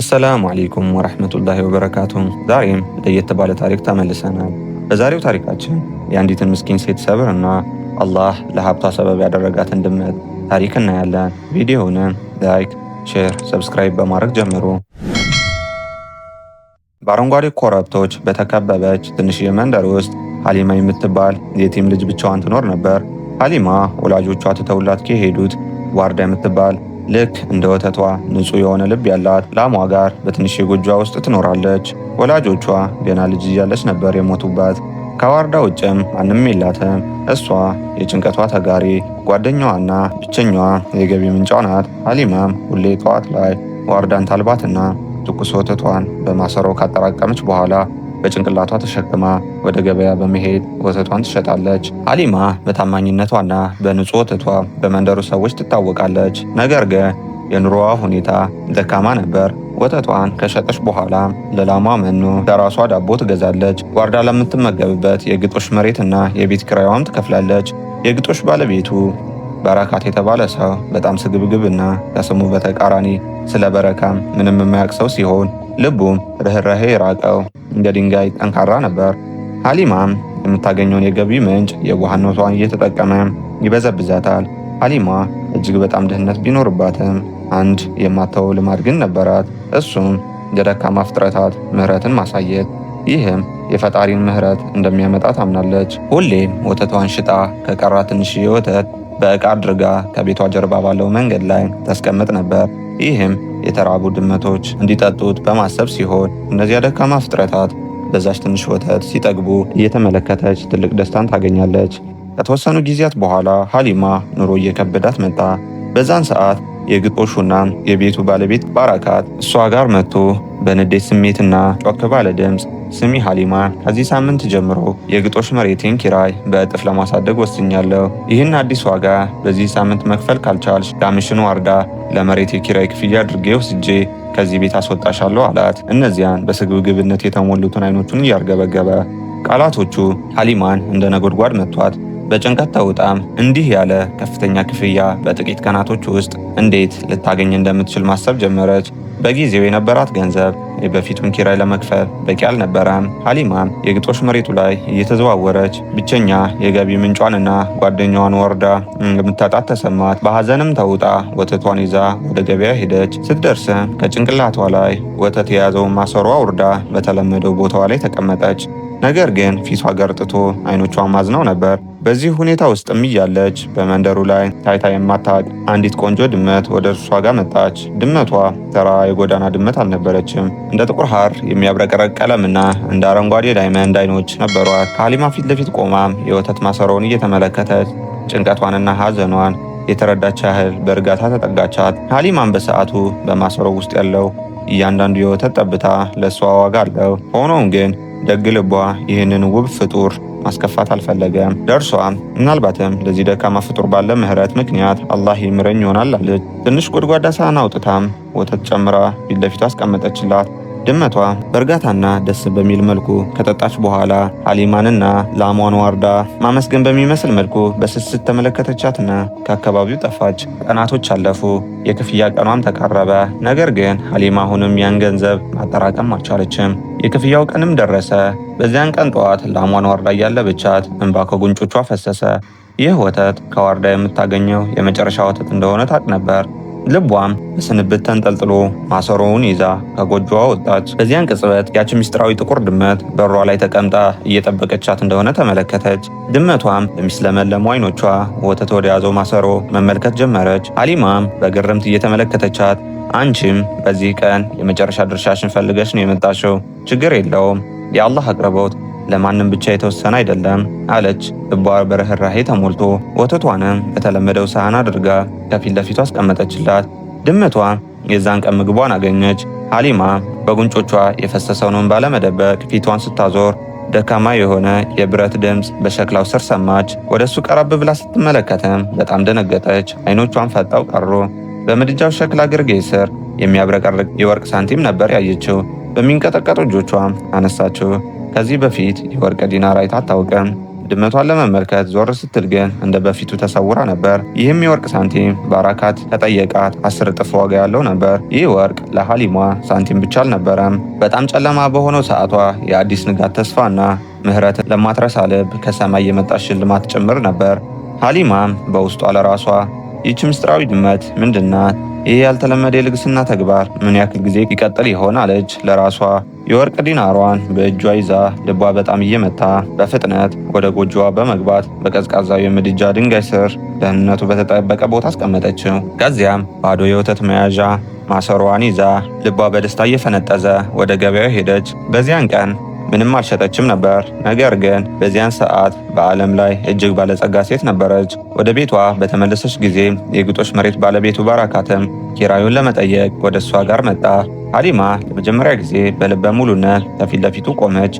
አሰላሙ አሌይኩም ወረህመቱላሂ ወበረካቱ ዛሬም ለየት ባለ ታሪክ ተመልሰናል። በዛሬው ታሪካችን የአንዲትን ምስኪን ሴት ሰብር እና አላህ ለሀብቷ ሰበብ ያደረጋትን ድመት ታሪክ እናያለን። ቪዲዮውንም ላይክ፣ ሼር፣ ሰብስክራይብ በማድረግ ጀምሩ። በአረንጓዴ ኮረብቶች በተከበበች ትንሽዬ መንደር ውስጥ ሀሊማ የምትባል የቲም ልጅ ብቻዋን ትኖር ነበር። ሀሊማ ወላጆቿ ትተውላት ከሄዱት ዋርዳ የምትባል ልክ እንደ ወተቷ ንጹህ የሆነ ልብ ያላት ላሟ ጋር በትንሽ ጎጇ ውስጥ ትኖራለች። ወላጆቿ ገና ልጅ እያለች ነበር የሞቱባት። ከዋርዳ ውጭም ማንም የላትም። እሷ የጭንቀቷ ተጋሪ ጓደኛዋና ብቸኛዋ የገቢ ምንጫ ናት። አሊማም ሁሌ ጠዋት ላይ ዋርዳን ታልባትና ትኩስ ወተቷን በማሰሮ ካጠራቀመች በኋላ በጭንቅላቷ ተሸክማ ወደ ገበያ በመሄድ ወተቷን ትሸጣለች። አሊማ በታማኝነቷና በንጹህ ወተቷ በመንደሩ ሰዎች ትታወቃለች። ነገር ግን የኑሮዋ ሁኔታ ደካማ ነበር። ወተቷን ከሸጠች በኋላ ለላሟ መኖ፣ ለራሷ ዳቦ ትገዛለች። ዋርዳ ለምትመገብበት የግጦሽ መሬትና የቤት ኪራይዋም ትከፍላለች። የግጦሽ ባለቤቱ በረካት የተባለ ሰው በጣም ስግብግብና ከስሙ በተቃራኒ ስለ በረካም ምንም የማያውቅ ሰው ሲሆን ልቡም ርኅራኄ የራቀው እንደ ድንጋይ ጠንካራ ነበር። ሀሊማም የምታገኘውን የገቢ ምንጭ የዋህነቷን እየተጠቀመ ይበዘብዛታል። ሀሊማ እጅግ በጣም ድህነት ቢኖርባትም አንድ የማተው ልማድ ግን ነበራት። እሱም ለደካማ ፍጥረታት ምህረትን ማሳየት። ይህም የፈጣሪን ምህረት እንደሚያመጣ ታምናለች። ሁሌም ወተቷን ሽጣ ከቀራ ትንሽዬ ወተት በእቃ አድርጋ ከቤቷ ጀርባ ባለው መንገድ ላይ ታስቀምጥ ነበር። ይህም የተራቡ ድመቶች እንዲጠጡት በማሰብ ሲሆን እነዚያ ደካማ ፍጥረታት በዛች ትንሽ ወተት ሲጠግቡ እየተመለከተች ትልቅ ደስታን ታገኛለች። ከተወሰኑ ጊዜያት በኋላ ሀሊማ ኑሮ እየከበዳት መጣ። በዛን ሰዓት የግጦሹና የቤቱ ባለቤት ባራካት እሷ ጋር መጥቶ በንዴት ስሜትና ጮክ ባለ ድምፅ ስሚ ሀሊማ፣ ከዚህ ሳምንት ጀምሮ የግጦሽ መሬቴን ኪራይ በእጥፍ ለማሳደግ ወስኛለሁ። ይህን አዲስ ዋጋ በዚህ ሳምንት መክፈል ካልቻልሽ ዳምሽኑ ዋርዳ ለመሬቴ ኪራይ ክፍያ አድርጌ ወስጄ ከዚህ ቤት አስወጣሻለሁ አላት። እነዚያን በስግብግብነት የተሞሉትን አይኖቹን እያርገበገበ ቃላቶቹ ሀሊማን እንደ ነጎድጓድ መቷት። በጭንቀት ተውጣም እንዲህ ያለ ከፍተኛ ክፍያ በጥቂት ቀናቶች ውስጥ እንዴት ልታገኝ እንደምትችል ማሰብ ጀመረች። በጊዜው የነበራት ገንዘብ የበፊቱን ኪራይ ለመክፈል በቂ አልነበረም። ሀሊማም የግጦሽ መሬቱ ላይ እየተዘዋወረች ብቸኛ የገቢ ምንጯንና ጓደኛዋን ወርዳ እንደምታጣት ተሰማት። በሐዘንም ተውጣ ወተቷን ይዛ ወደ ገበያ ሄደች። ስትደርስም ከጭንቅላቷ ላይ ወተት የያዘውን ማሰሯ ውርዳ በተለመደው ቦታዋ ላይ ተቀመጠች። ነገር ግን ፊቷ ገርጥቶ አይኖቿን ማዝነው ነበር። በዚህ ሁኔታ ውስጥም እያለች በመንደሩ ላይ ታይታ የማታውቅ አንዲት ቆንጆ ድመት ወደ እርሷ ጋር መጣች። ድመቷ ተራ የጎዳና ድመት አልነበረችም። እንደ ጥቁር ሐር የሚያብረቀረቅ ቀለምና እንደ አረንጓዴ ዳይመንድ አይኖች ነበሯት። ከሀሊማ ፊት ለፊት ቆማ የወተት ማሰሮውን እየተመለከተች ጭንቀቷንና ሐዘኗን የተረዳች ያህል በእርጋታ ተጠጋቻት። ሀሊማን በሰዓቱ በማሰሮ ውስጥ ያለው እያንዳንዱ የወተት ጠብታ ለእሷ ዋጋ አለው። ሆኖም ግን ደግ ልቧ ይህንን ውብ ፍጡር ማስከፋት አልፈለገም። ለእርሷ ምናልባትም ለዚህ ደካማ ፍጡር ባለ ምሕረት ምክንያት አላህ ይምረኝ ይሆናል አለች። ትንሽ ጎድጓዳ ሳህን አውጥታም ወተት ጨምራ ፊት ለፊቱ አስቀመጠችላት። ድመቷ በእርጋታና ደስ በሚል መልኩ ከጠጣች በኋላ ሀሊማንና ላሟን ዋርዳ ማመስገን በሚመስል መልኩ በስስት ተመለከተቻትና ከአካባቢው ጠፋች። ቀናቶች አለፉ። የክፍያ ቀኗም ተቃረበ። ነገር ግን ሀሊማ አሁንም ያን ገንዘብ ማጠራቀም አልቻለችም። የክፍያው ቀንም ደረሰ። በዚያን ቀን ጠዋት ላሟን ዋርዳ ብቻት እንባ ከጉንጮቿ ፈሰሰ። ይህ ወተት ከዋርዳ የምታገኘው የመጨረሻ ወተት እንደሆነ ታቅ ነበር። ልቧም በስንብት ተንጠልጥሎ ማሰሮውን ይዛ ከጎጆዋ ወጣች። በዚያን ቅጽበት ያች ሚስጥራዊ ጥቁር ድመት በሯ ላይ ተቀምጣ እየጠበቀቻት እንደሆነ ተመለከተች። ድመቷም በሚስለመለሙ አይኖቿ ወተት ወደያዘው ማሰሮ መመልከት ጀመረች። አሊማም በግርምት እየተመለከተቻት አንቺም በዚህ ቀን የመጨረሻ ድርሻሽን ፈልገሽ ነው የመጣሽው፣ ችግር የለውም የአላህ አቅርቦት ለማንም ብቻ የተወሰነ አይደለም አለች። ልቧ በርህራሄ ተሞልቶ ወተቷንም በተለመደው ሳህን አድርጋ ከፊት ለፊቷ አስቀመጠችላት። ድመቷ የዛን ቀን ምግቧን አገኘች። ሀሊማ በጉንጮቿ የፈሰሰውን እንባ ለመደበቅ ፊቷን ስታዞር ደካማ የሆነ የብረት ድምፅ በሸክላው ስር ሰማች። ወደ እሱ ቀረብ ብላ ስትመለከትም በጣም ደነገጠች። አይኖቿን ፈጣው ቀሩ። በምድጃው ሸክላ ግርጌ ስር የሚያብረቀርቅ የወርቅ ሳንቲም ነበር ያየችው። በሚንቀጠቀጡ እጆቿ አነሳችው። ከዚህ በፊት የወርቅ ዲናር አይታ አታውቅም። ድመቷን ለመመልከት ዞር ስትል ግን እንደ በፊቱ ተሰውራ ነበር። ይህም የወርቅ ሳንቲም ባራካት ከጠየቃት አስር እጥፍ ዋጋ ያለው ነበር። ይህ ወርቅ ለሀሊማ ሳንቲም ብቻ አልነበረም። በጣም ጨለማ በሆነው ሰዓቷ የአዲስ ንጋት ተስፋና ምህረት ለማትረሳ ልብ ከሰማይ የመጣች ሽልማት ጭምር ነበር። ሐሊማም በውስጧ ለራሷ ይህች ምስጢራዊ ድመት ምንድናት? ይህ ያልተለመደ የልግስና ተግባር ምን ያክል ጊዜ ይቀጥል ይሆን አለች ለራሷ። የወርቅ ዲናሯን በእጇ ይዛ ልቧ በጣም እየመታ በፍጥነት ወደ ጎጆዋ በመግባት በቀዝቃዛው የምድጃ ድንጋይ ስር ደህንነቱ በተጠበቀ ቦታ አስቀመጠችው። ከዚያም ባዶ የወተት መያዣ ማሰሯን ይዛ ልቧ በደስታ እየፈነጠዘ ወደ ገበያው ሄደች። በዚያን ቀን ምንም አልሸጠችም ነበር። ነገር ግን በዚያን ሰዓት በዓለም ላይ እጅግ ባለጸጋ ሴት ነበረች። ወደ ቤቷ በተመለሰች ጊዜ የግጦሽ መሬት ባለቤቱ ባራካትም ኪራዩን ለመጠየቅ ወደ እሷ ጋር መጣ። ሀሊማ ለመጀመሪያ ጊዜ በልበ ሙሉነት ከፊት ለፊቱ ቆመች።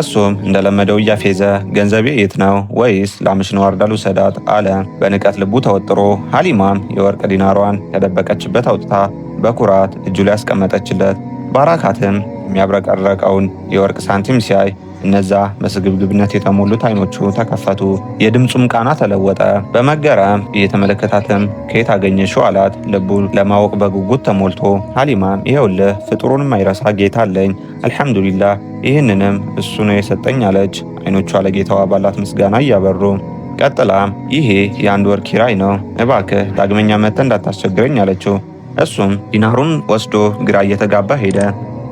እሱም እንደለመደው እያፌዘ ገንዘቤ የት ነው? ወይስ ላምሽ ነው ልውሰዳት? አለ በንቀት ልቡ ተወጥሮ። ሀሊማም የወርቅ ዲናሯን ከደበቀችበት አውጥታ በኩራት እጁ ላይ ያስቀመጠችለት። ባራካትም የሚያብረቀረቀውን የወርቅ ሳንቲም ሲያይ እነዛ በስግብግብነት የተሞሉት አይኖቹ ተከፈቱ። የድምፁም ቃና ተለወጠ። በመገረም እየተመለከታትም ከየት አገኘሽው አላት። ልቡ ለማወቅ በጉጉት ተሞልቶ ሀሊማም ይኸውልህ ፍጡሩን የማይረሳ ጌታ አለኝ፣ አልሐምዱሊላህ ይህንንም እሱ ነው የሰጠኝ አለች። አይኖቿ ለጌታዋ ባላት ምስጋና እያበሩ ቀጥላም ይሄ የአንድ ወር ኪራይ ነው፣ እባክህ ዳግመኛ መጥተህ እንዳታስቸግረኝ አለችው። እሱም ዲናሩን ወስዶ ግራ እየተጋባ ሄደ።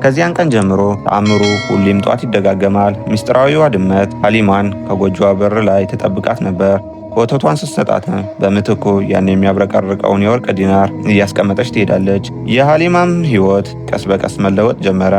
ከዚያን ቀን ጀምሮ ተአምሩ ሁሌም ጧት ይደጋገማል። ምስጢራዊዋ ድመት ሀሊማን ከጎጆዋ በር ላይ ተጠብቃት ነበር። ወተቷን ስትሰጣትም በምትኩ ያን የሚያብረቀርቀውን የወርቅ ዲናር እያስቀመጠች ትሄዳለች። የሀሊማም ሕይወት ቀስ በቀስ መለወጥ ጀመረ።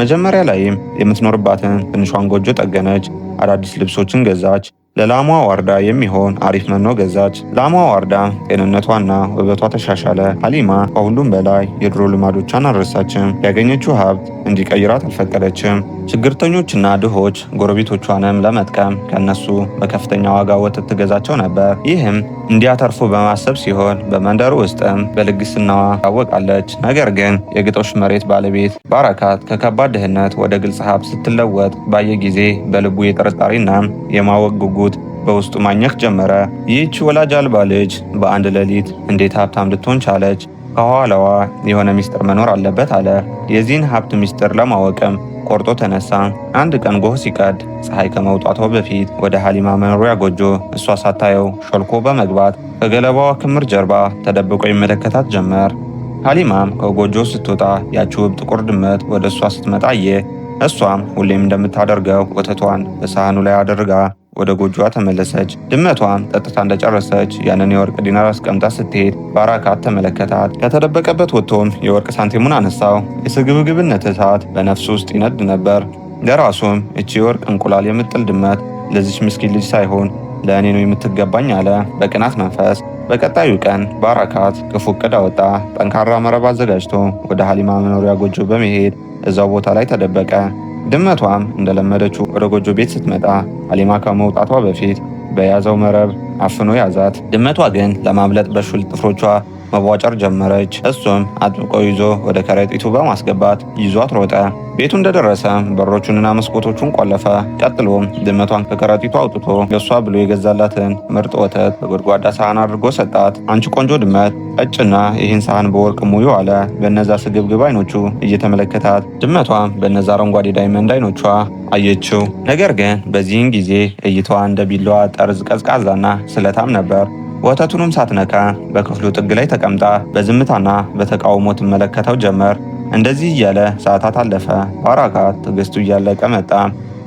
መጀመሪያ ላይም የምትኖርባትን ትንሿን ጎጆ ጠገነች። አዳዲስ ልብሶችን ገዛች። ለላሟ ዋርዳ የሚሆን አሪፍ መኖ ገዛች። ላሟ ዋርዳ ጤንነቷና ውበቷ ተሻሻለ። ሀሊማ ከሁሉም በላይ የድሮ ልማዶቿን አልረሳችም። ያገኘችው ሀብት እንዲቀይራት አልፈቀደችም። ችግርተኞችና ድሆች ጎረቤቶቿንም ለመጥቀም ከነሱ በከፍተኛ ዋጋ ወተት ትገዛቸው ነበር። ይህም እንዲያተርፉ በማሰብ ሲሆን በመንደሩ ውስጥም በልግስናዋ ታወቃለች። ነገር ግን የግጦሽ መሬት ባለቤት ባረካት ከከባድ ድህነት ወደ ግልጽ ሀብት ስትለወጥ ባየ ጊዜ በልቡ የጥርጣሬና የማወቅ ጉጉ በውስጡ ማኘክ ጀመረ። ይህች ወላጅ አልባ ልጅ በአንድ ሌሊት እንዴት ሀብታም ልትሆን ቻለች? ከኋላዋ የሆነ ምስጢር መኖር አለበት አለ። የዚህን ሀብት ምስጢር ለማወቅም ቆርጦ ተነሳ። አንድ ቀን ጎህ ሲቀድ ፀሐይ ከመውጣቷ በፊት ወደ ሀሊማ መኖሪያ ጎጆ እሷ ሳታየው ሾልኮ በመግባት ከገለባዋ ክምር ጀርባ ተደብቆ ይመለከታት ጀመር። ሀሊማም ከጎጆ ስትወጣ ያቺ ውብ ጥቁር ድመት ወደ እሷ ስትመጣ አየ። እሷም ሁሌም እንደምታደርገው ወተቷን በሳህኑ ላይ አድርጋ ወደ ጎጆዋ ተመለሰች። ድመቷም ጠጥታ እንደጨረሰች ያንን የወርቅ ዲናር አስቀምጣ ስትሄድ ባራካት ተመለከታት። ከተደበቀበት ወጥቶም የወርቅ ሳንቲሙን አነሳው። የስግብግብነት እሳት በነፍሱ ውስጥ ይነድ ነበር። ለራሱም እቺ የወርቅ እንቁላል የምጥል ድመት ለዚች ምስኪን ልጅ ሳይሆን ለእኔ ነው የምትገባኝ አለ በቅናት መንፈስ። በቀጣዩ ቀን ባራካት ክፉ እቅድ አወጣ። ጠንካራ መረብ አዘጋጅቶ ወደ ሀሊማ መኖሪያ ጎጆ በመሄድ እዛው ቦታ ላይ ተደበቀ። ድመቷም እንደለመደችው ወደ ጎጆ ቤት ስትመጣ አሊማ ከመውጣቷ በፊት በያዘው መረብ አፍኖ ያዛት። ድመቷ ግን ለማምለጥ በሹል ጥፍሮቿ መቧጨር ጀመረች። እሱም አጥብቆ ይዞ ወደ ከረጢቱ በማስገባት ይዟት ሮጠ። ቤቱ እንደደረሰ በሮቹንና መስኮቶቹን ቆለፈ። ቀጥሎም ድመቷን ከከረጢቱ አውጥቶ ለሷ ብሎ የገዛላትን ምርጥ ወተት በጎድጓዳ ሳህን አድርጎ ሰጣት። አንቺ ቆንጆ ድመት እጭና ይህን ሳህን በወርቅ ሙዩ አለ በነዛ ስግብግብ አይኖቹ እየተመለከታት። ድመቷም በነዛ አረንጓዴ ዳይመንድ አይኖቿ አየችው። ነገር ግን በዚህን ጊዜ እይታዋ እንደ ቢላዋ ጠርዝ ቀዝቃዛና ስለታም ነበር። ወተቱንም ሳትነካ በክፍሉ ጥግ ላይ ተቀምጣ በዝምታና በተቃውሞ ትመለከተው ጀመር። እንደዚህ እያለ ሰዓታት አለፈ። ባራካ ትዕግስቱ እያለቀ መጣ።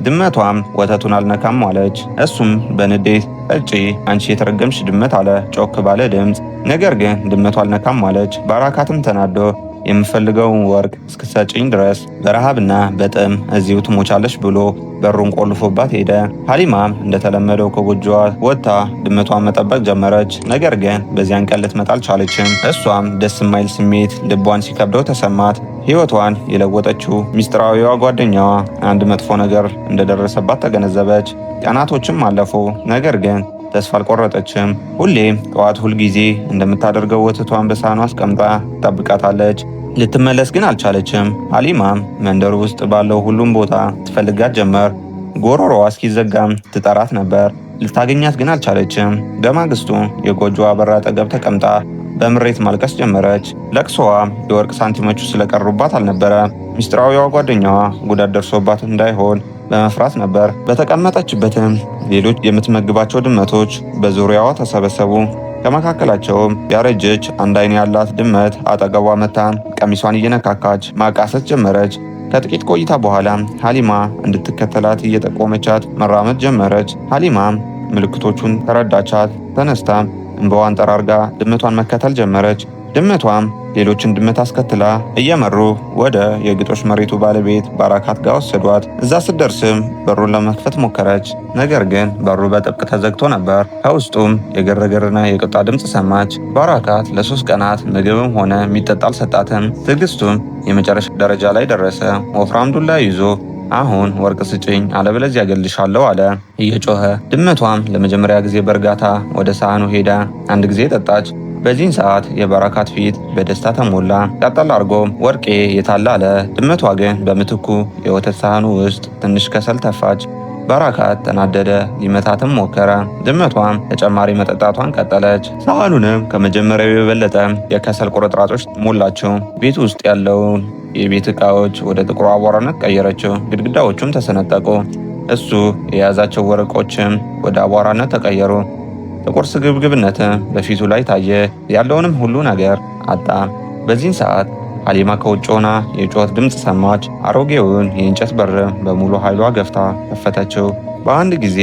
ድመቷም ወተቱን አልነካም አለች። እሱም በንዴት እጪ አንቺ የተረገምሽ ድመት አለ ጮክ ባለ ድምፅ። ነገር ግን ድመቷ አልነካም አለች። ባራካትም ተናዶ የምፈልገው ወርቅ እስክሰጪኝ ድረስ በረሃብና በጥም እዚሁ ትሞቻለች ብሎ በሩን ቆልፎባት ሄደ። ሀሊማም እንደተለመደው ከጎጆዋ ወጥታ ድመቷን መጠበቅ ጀመረች። ነገር ግን በዚያን ቀን ልትመጣ አልቻለችም። እሷም ደስ የማይል ስሜት ልቧን ሲከብደው ተሰማት። ህይወቷን የለወጠችው ሚስጥራዊዋ ጓደኛዋ አንድ መጥፎ ነገር እንደደረሰባት ተገነዘበች። ቀናቶችም አለፉ። ነገር ግን ተስፋ አልቆረጠችም። ሁሌም ጠዋት ሁልጊዜ እንደምታደርገው ወተቷን በሳህኗ አስቀምጣ ትጠብቃታለች። ልትመለስ ግን አልቻለችም። አሊማም መንደሩ ውስጥ ባለው ሁሉም ቦታ ትፈልጋት ጀመር። ጎሮሮዋ እስኪዘጋም ትጠራት ነበር። ልታገኛት ግን አልቻለችም። በማግስቱ የጎጆዋ በር አጠገብ ተቀምጣ በምሬት ማልቀስ ጀመረች። ለቅሶዋ የወርቅ ሳንቲሞቹ ስለቀሩባት አልነበረ፣ ሚስጥራዊዋ ጓደኛዋ ጉዳት ደርሶባት እንዳይሆን በመፍራት ነበር። በተቀመጠችበትም ሌሎች የምትመግባቸው ድመቶች በዙሪያዋ ተሰበሰቡ። ከመካከላቸውም ያረጀች አንድ አይን ያላት ድመት አጠገቧ መታ ቀሚሷን እየነካካች ማቃሰት ጀመረች። ከጥቂት ቆይታ በኋላ ሀሊማ እንድትከተላት እየጠቆመቻት መራመድ ጀመረች። ሀሊማ ምልክቶቹን ተረዳቻት። ተነስታ እንባዋን ጠራርጋ ድመቷን መከተል ጀመረች። ድመቷም ሌሎችን ድመት አስከትላ እየመሩ ወደ የግጦሽ መሬቱ ባለቤት ባራካት ጋር ወሰዷት። እዛ ስትደርስም በሩን ለመክፈት ሞከረች። ነገር ግን በሩ በጥብቅ ተዘግቶ ነበር። ከውስጡም የግርግርና የቁጣ ድምፅ ሰማች። ባራካት ለሶስት ቀናት ምግብም ሆነ የሚጠጣ አልሰጣትም። ትዕግስቱም የመጨረሻ ደረጃ ላይ ደረሰ። ወፍራም ዱላ ይዞ አሁን ወርቅ ስጭኝ አለበለዚያ እገልሻለሁ አለ እየጮኸ። ድመቷም ለመጀመሪያ ጊዜ በእርጋታ ወደ ሳህኑ ሄዳ አንድ ጊዜ ጠጣች። በዚህን ሰዓት የበረከት ፊት በደስታ ተሞላ። ቀጠል አድርጎ ወርቄ የታለ አለ። ድመቷ ግን በምትኩ የወተት ሳህኑ ውስጥ ትንሽ ከሰል ተፋች። በረከት ተናደደ፣ ሊመታትም ሞከረ። ድመቷም ተጨማሪ መጠጣቷን ቀጠለች። ሳህኑንም ከመጀመሪያው የበለጠ የከሰል ቁርጥራጮች ሞላችው። ቤት ውስጥ ያለውን የቤት ዕቃዎች ወደ ጥቁር አቧራነት ቀየረችው። ግድግዳዎቹም ተሰነጠቁ። እሱ የያዛቸው ወረቆችም ወደ አቧራነት ተቀየሩ። ጥቁር ስግብግብነትም በፊቱ ላይ ታየ። ያለውንም ሁሉ ነገር አጣ። በዚህን ሰዓት ሀሊማ ከውጭ ሆና የጩኸት ድምፅ ሰማች። አሮጌውን የእንጨት በርም በሙሉ ኃይሏ ገፍታ ከፈተችው። በአንድ ጊዜ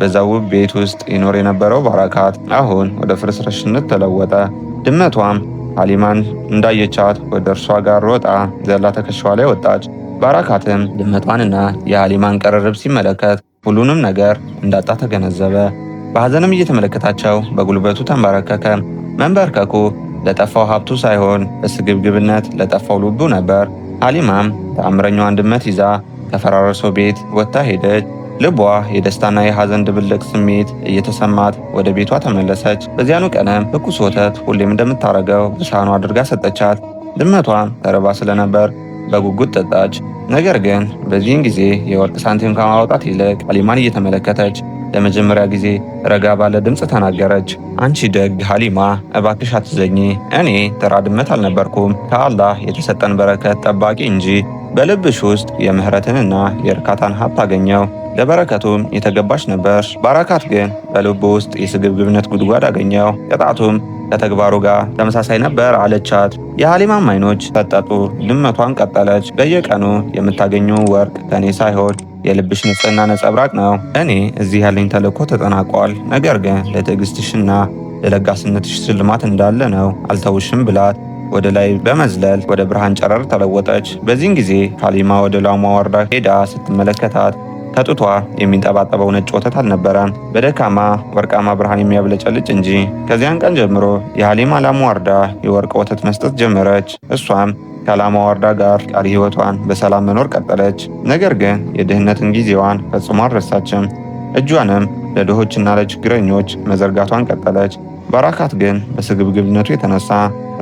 በዛ ውብ ቤት ውስጥ ይኖር የነበረው ባረካት አሁን ወደ ፍርስረሽነት ተለወጠ። ድመቷም ሀሊማን እንዳየቻት ወደ እርሷ ጋር ሮጣ ዘላ ትከሻዋ ላይ ወጣች። ባረካትም ድመቷንና የሀሊማን ቅርርብ ሲመለከት ሁሉንም ነገር እንዳጣ ተገነዘበ። በሐዘንም እየተመለከታቸው በጉልበቱ ተንበረከከ። መንበርከኩ ለጠፋው ሀብቱ ሳይሆን በስግብግብነት ለጠፋው ልቡ ነበር። ሐሊማም ተአምረኛዋን ድመት ይዛ ከፈራረሰው ቤት ወጥታ ሄደች። ልቧ የደስታና የሐዘን ድብልቅ ስሜት እየተሰማት ወደ ቤቷ ተመለሰች። በዚያኑ ቀንም ትኩስ ወተት ሁሌም እንደምታደርገው በሳህኗ አድርጋ ሰጠቻት። ድመቷም ተርባ ስለነበር በጉጉት ጠጣች። ነገር ግን በዚህን ጊዜ የወርቅ ሳንቲም ከማውጣት ይልቅ ሐሊማን እየተመለከተች ለመጀመሪያ ጊዜ ረጋ ባለ ድምፅ ተናገረች። አንቺ ደግ ሀሊማ፣ እባክሽ አትዘኚ። እኔ ተራ ድመት አልነበርኩም፣ ከአላህ የተሰጠን በረከት ጠባቂ እንጂ። በልብሽ ውስጥ የምህረትንና የእርካታን ሀብት አገኘው። ለበረከቱም የተገባሽ ነበር። ባረካት ግን በልቡ ውስጥ የስግብግብነት ጉድጓድ አገኘው። ቅጣቱም ከተግባሩ ጋር ተመሳሳይ ነበር አለቻት። የሀሊማም አይኖች ፈጠጡ። ድመቷን ቀጠለች። በየቀኑ የምታገኘው ወርቅ ከኔ ሳይሆን የልብሽ ንጽህና ነጸብራቅ ነው። እኔ እዚህ ያለኝ ተልእኮ ተጠናቋል። ነገር ግን ለትዕግስትሽና ለለጋስነትሽ ሽልማት እንዳለ ነው። አልተውሽም ብላት ወደ ላይ በመዝለል ወደ ብርሃን ጨረር ተለወጠች። በዚህን ጊዜ ሀሊማ ወደ ላሟ ወርዳ ሄዳ ስትመለከታት ከጡቷ የሚንጠባጠበው ነጭ ወተት አልነበረም፣ በደካማ ወርቃማ ብርሃን የሚያብለጨልጭ እንጂ። ከዚያን ቀን ጀምሮ የሃሊማ ላሟ ወርዳ የወርቅ ወተት መስጠት ጀመረች። እሷም ከላማ ወርዳ ጋር ቀሪ ህይወቷን በሰላም መኖር ቀጠለች። ነገር ግን የድህነትን ጊዜዋን ፈጽሞ አልረሳችም። እጇንም ለድሆችና ለችግረኞች መዘርጋቷን ቀጠለች። ባራካት ግን በስግብግብነቱ የተነሳ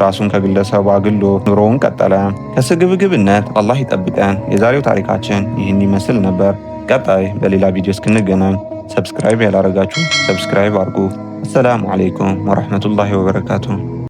ራሱን ከግለሰቡ አግሎ ኑሮውን ቀጠለ። ከስግብግብነት አላህ ይጠብቀን። የዛሬው ታሪካችን ይህን ይመስል ነበር። ቀጣይ በሌላ ቪዲዮ እስክንገናኝ ሰብስክራይብ ያላረጋችሁ ሰብስክራይብ አድርጉ። አሰላሙ አለይኩም ወረሕመቱላሂ ወበረካቱሁ።